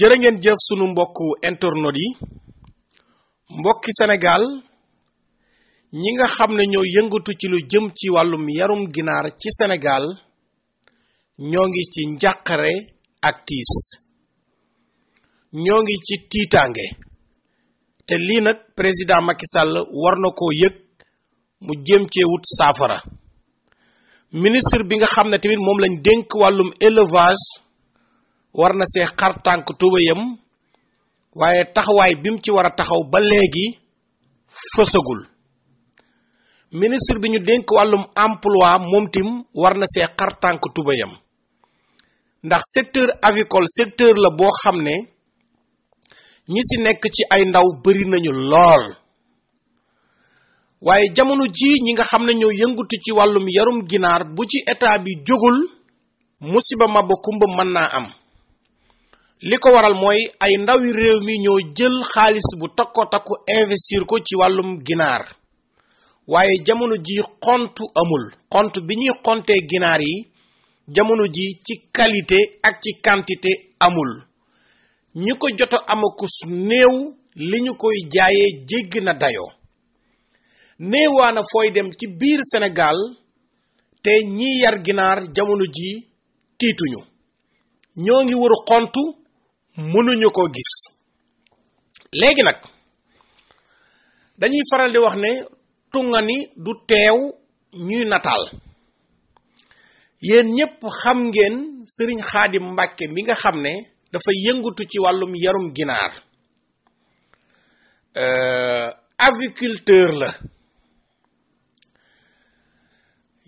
jërë ngeen jëf sunu mbokk internautes yi mbokki senegal ñi nga xam ne ñoo yëngatu ci lu jëm ci wàllum yarum ginaar ci Sénégal ñoo ngi ci njàqare ak tiis ñoo ngi ci tiitaange te lii nag président Macky Sall war na ko yëg mu jëm cee wut saafara ministre bi nga xam ne tamit moom lañ dénk wàllum élevage. war na see xar tànk tubayam waaye taxawaay bi ci war a taxaw ba léegi fësagul ministre bi ñu dénk wàllum emploi moom tim war na see xar tànk tubayam ndax secteur avicole secteur la boo xam ne ñi si nekk ci ay ndaw bari nañu lool waaye jamono ji ñi nga xam ne ñoo yëngutu ci wàllum yarum ginaar bu ci état bi jógul musiba ma ba kumba mën naa am li ko waral mooy ay ndawi réew mi ñoo jël xaalis bu takko takku investir ko ci wàllum ginaar waaye jamono ji xontu amul xont bi ñuy xontee ginaar yi jamono ji ci qualité ak ci quantité amul ñi ko jot amakus néew li ñu koy jaayee jégg na dayoo néewaana fooy dem ci biir Sénégal te ñi yar ginaar jamono ji tiituñu ñoo ngi waru xontu mënuñu ko gis léegi nag dañuy faral di wax ne tungani du teew ñuy nataal yéen ñépp xam ngeen sëriñ xaadim mbàkke mi nga xam ne dafa yëngutu ci wàllum yarum ginaar euh, aviculteur la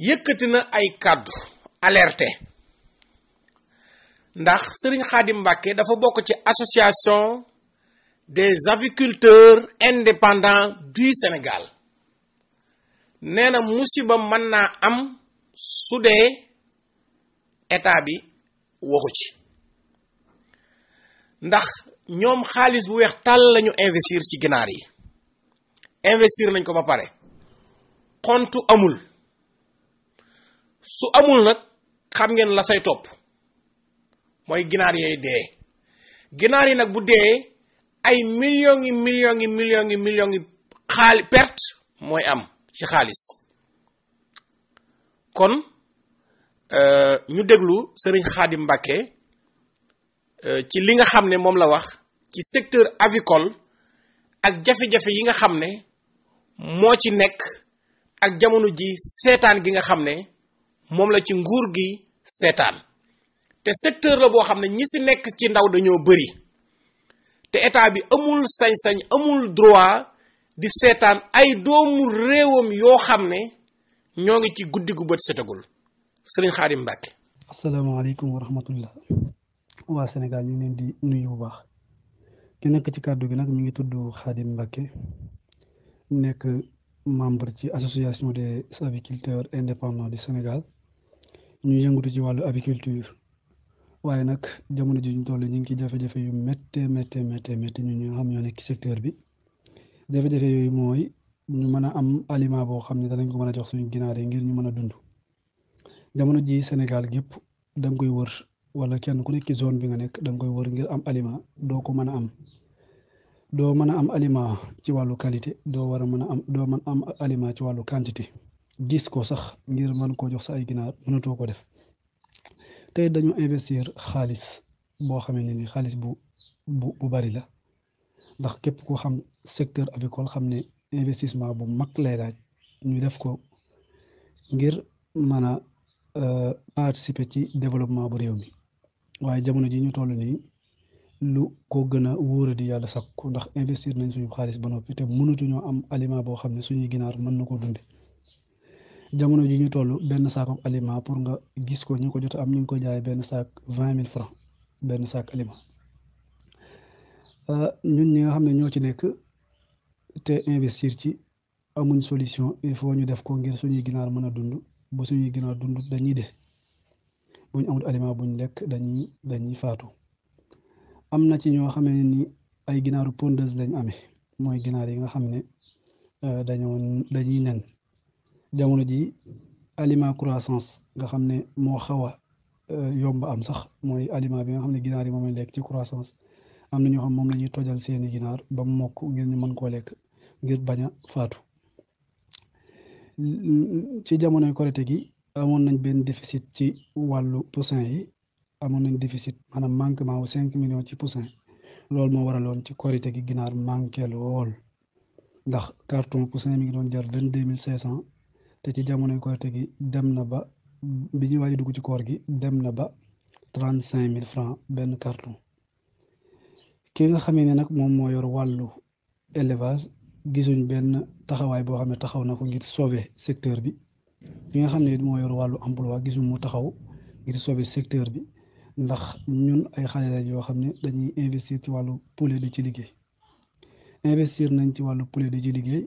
yëkkati na ay kàddu alerté ndax sëriñ Xaadim Mbàkke dafa bokk ci association des aviculteurs indépendants du Sénégal nee na musiba mën naa am su dee état bi waxu ci ndax ñoom xaalis bu weex tàll lañu investir ci ginaar yi investir nañ ko ba pare xontu amul su amul nag xam ngeen la say topp mooy ginaar yooyu dee ginaar yi nag bu dee ay millions yi millions yi millions yi millions yi xaali perte mooy am ci xaalis kon euh, ñu déglu sëriñ Xaadim Mbàkke euh, ci li nga xam ne moom la wax ci secteur avicole ak jafe-jafe yi nga xam ne moo ci nekk ak jamono ji seetaan gi nga xam ne moom la ci nguur gi seetaan te secteur la boo xam ne ñi si nekk ci ndaw dañoo bëri te état bi amul sañ-sañ amul droit di seetaan ay doomu réewam yoo xam ne ñoo ngi ci guddi gu bët setagul sëriñ Xaadim Mbàkke asalaamaaleykum wa rahmatullah waa Sénégal ñu ngi leen di nuyu bu baax ki nekk ci kàddu gi nag mi ngi tudd Xaadim Mbàkke nekk membre ci association des aviculteurs indépendants du Sénégal ñu yëngatu ci wàllu abiculture waaye nag jamono ji ñu toll ñu ngi ci jafe-jafe yu méttee méttee méttee métti ñu ñi xam ñoo nekk secteur bi jafe-jafe yooyu mooy ñu mën a am aliment boo xam ne danañ ko mën a jox suñu ginaar yi ngir ñu mën a dund jamono ji Sénégal gépp da nga koy wër wala kenn ku nekk ci zone bi nga nekk da nga koy wër ngir am aliment doo ko mën a am doo mën a am aliment ci wàllu qualité doo war a mën a am doo mën am aliment ci wàllu quantité gis ko sax ngir mën koo jox sa ay ginaar mënatoo ko def tey dañu investir xaalis boo xamee ne ni xaalis bu bu bu bari la ndax képp ku xam secteur avicole xam ne investissement bu mag lay laaj ñu def ko ngir mën a euh, participer ci développement bu réew mi waaye jamono ji ñu toll nii lu ko gën a wóora di yàlla sakku ndax investir nañ suñu xaalis ba noppi te mënatuñoo am aliment boo xam ne suñuy ginaar mën na koo dundi jamono ji ñu toll benn saako aliment pour nga gis ko ñu ko jot am ñu ngi ko jaay benn saak vingt mille francs benn saak aliment euh, ñun ñi nga xam ne ñoo ci nekk te investir ci amuñ solution il faut ñu def ko ngir suñuy ginaar mën a dund bu suñuy ginaar dund dañuy dee buñ amul aliment buñ lekk dañuy dañuy faatu am na ci ñoo xamee ni ay ginaaru pondeuse lañ amee mooy ginaar yi nga xam ne euh, dañoo dañuy nen jamono ji aliment croissance nga xam ne moo xaw a euh, yomb am sax mooy aliment bi nga xam ne ginaar yi moom lañ lekk ci croissance am na ñoo xam moom la ñuy tojal seeni ginaar ba mu mokk ngir ñu mën koo lekk ngir baña faatu ci jamonoy korite gi amoon nañ benn déficit ci wàllu poussin yi amoon nañ déficit maanaam manquement wu cinq millions ci poussin loolu moo waraloon ci korite gi ginaar manqué lool ndax carton poussin mi ngi doon jar vingt deux mille cinq cent te ci jamonoy korite gi dem na ba bi ñu waaj dugg ci koor gi dem na ba trente cinq mille francs benn carton ki nga xamee ne nag moom moo yor wàllu élevage gisuñ benn taxawaay boo xam ne taxaw na ko ngir sauver secteur bi ki nga xam ne moo yor wàllu emploi gisuñ mu taxaw ngir sauver secteur bi ndax ñun ay xale yoo xam ne dañuy investir ci wàllu poulet di ci liggéey investir nañ ci wàllu poulet di ci liggéey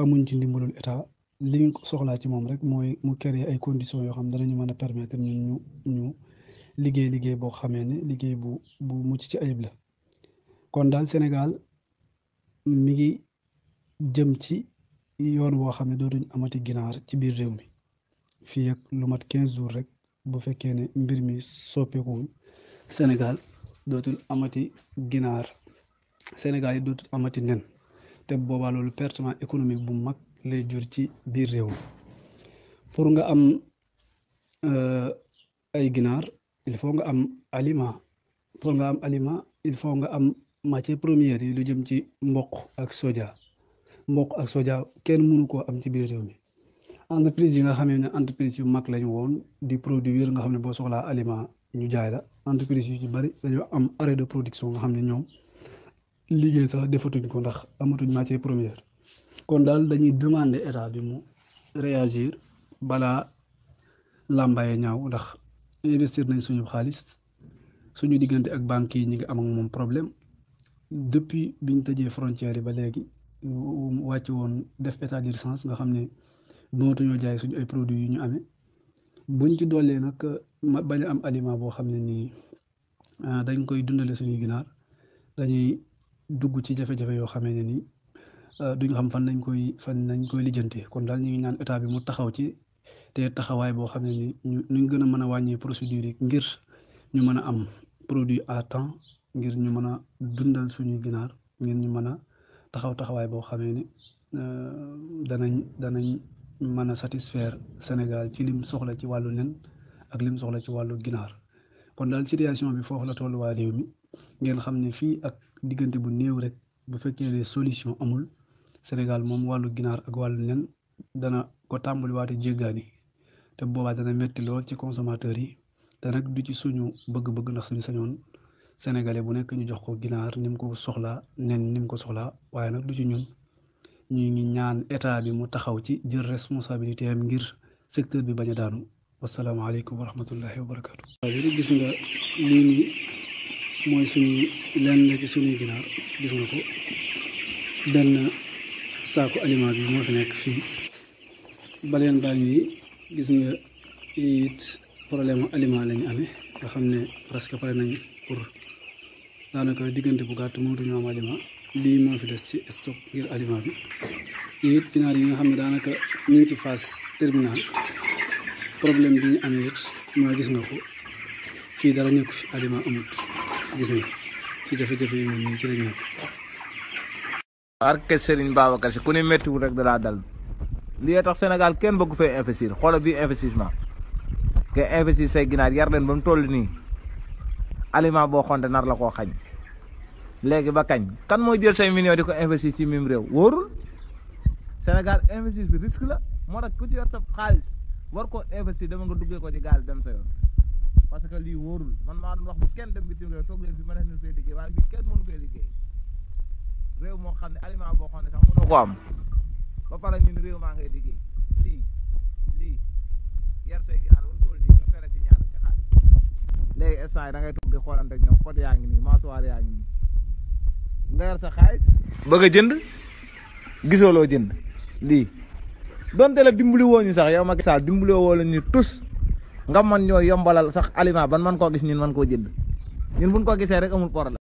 amuñ ci ndimbalul état li ñu soxlaa ci moom rek mooy mu créer ay conditions yoo xam danañu mën a permettre ñun ñu ñu liggéey liggéey boo xamee ne liggéey bu bu mucc ci ayib la kon daal Sénégal mi ngi jëm ci yoon woo xam ne dootuñ amati ginaar ci biir réew mi fii lu mat quinze jours rek bu fekkee ne mbir mi soppeekuwul Sénégal dootul amati ginaar Sénégal yi dootul amati nen te boobaa loolu pertement économique bu mag. lay jur ci biir réew pour nga am euh, ay ginaar il faut nga am aliment pour nga am aliment il faut nga am matière première yi lu jëm ci mboq ak soja mboq ak soja kenn mënu koo am ci biir réew mi entreprise yi nga xamee ne entreprise yu mag lañu woon di produire nga xam ne boo soxlaa aliment ñu jaay la entreprise yu ñu bari dañoo am arrêt de production nga xam ne ñoom liggéey sax defatuñ ko ndax amatuñ matière première kon daal dañuy demander état bi mu réagir balaa làmbaye ñaaw ndax investir nañ suñu xaalis suñu diggante ak banque yi ñu ngi am moom problème depuis biñ tëjee frontière yi ba léegi wàcc woon def état d'urgence nga xam ne mootuñoo jaay suñu ay produits yu ñu amee buñ ci doolee nag ma bañ am aliment boo xam ne nii ah, dañ koy dundale suñuy ginaar dañuy dugg ci jafe-jafe yoo xam ne nii. Euh, duñ xam fan nañ koy fan lañ koy lijjantee kon daal ñu ngi naan état bi mu taxaw ci te taxawaay boo xam ne ni ñu ñu gën a mën a wàññee procédure yi ngir ñu mën a am produit à temps ngir ñu mën a dundal suñuy ginaar ngir ñu mën a taxaw taxawaay boo xamee ni euh, danañ danañ mën a satisfaire Sénégal ci lim soxla ci wàllu nen ak lim soxla ci wàllu ginaar kon daal situation bi foofu la tolluwaa waa bi ngeen xam ne fii ak diggante bu néew rek bu fekkee ne solution amul Sénégal moom wàllu ginaar ak wàllu nen dana ko tàmbaliwaate jéggaani te boobaa dana metti lool ci consommateur yi te nag du ci suñu bëgg-bëgg ndax suñu sañoon sénégalais bu nekk ñu jox ko ginaar ni mu ko soxlaa nen ni mu ko soxlaa waaye nag du ci ñun ñu ngi ñaan état bi mu taxaw ci jël responsabilité am ngir secteur bi bañ a daanu wasalaamaaleykum wa rahmatullahi wa barakaatu. waaw gis nga lii nii mooy suñu lenn ci suñuy ginaar gis nga ko benn. saako aliment bi moo fi nekk fii baleen baa gis nga yii it problème aliment lañu amee nga xam ne presque pare nañ pour daanaka diggante bu gàtt mënatuñu am aliment lii moo fi des ci stock ngir aliment bi yii ginaar yi nga xam ne daanaka ñu ngi ci fas terminale problème bi ñu amee it mooy gis nga ko fii dara nekk fi aliment amut gis nga ci jafe-jafe yi moom ci lañ nekk arke Serigne Babacar Sy ku ne méttiwul rek dalaa dal lii tax Sénégal kenn bëgg fee investir xoolal bii investissement nga investir say ginaar yar leen ba mu toll nii aliment boo xonte nar la koo xañ léegi ba kañ kan mooy jël say millions di ko investir ci mim réew wóorul Sénégal investir bi risque la moo tax ku ci yor sa xaalis war koo investir dama nga duggee ko ci gaal dem sa yoon parce que lii wóorul man maa doon wax bu kenn dem bitim réew toog leen fi ma ne leen fee liggéey réew moo xam ne aliment boo xam sax mënoo ko am ba pare ñun réew maa ngay liggéey lii lii yar tool yi nga fere ci ñaar ci xaalis léegi instant yi da di xoolante ak ñoom côté yaa ngi nii masuwaar yaa ngi nii nga yar sa xaalis bëgg jënd gisoo loo jënd lii donte la dimbali woo ñu sax yow ma gisaa dimbali woo la nga man ñoo yombalal sax aliment ban man koo gis ñun man koo jënd ñun buñ ko gisee rek amul problème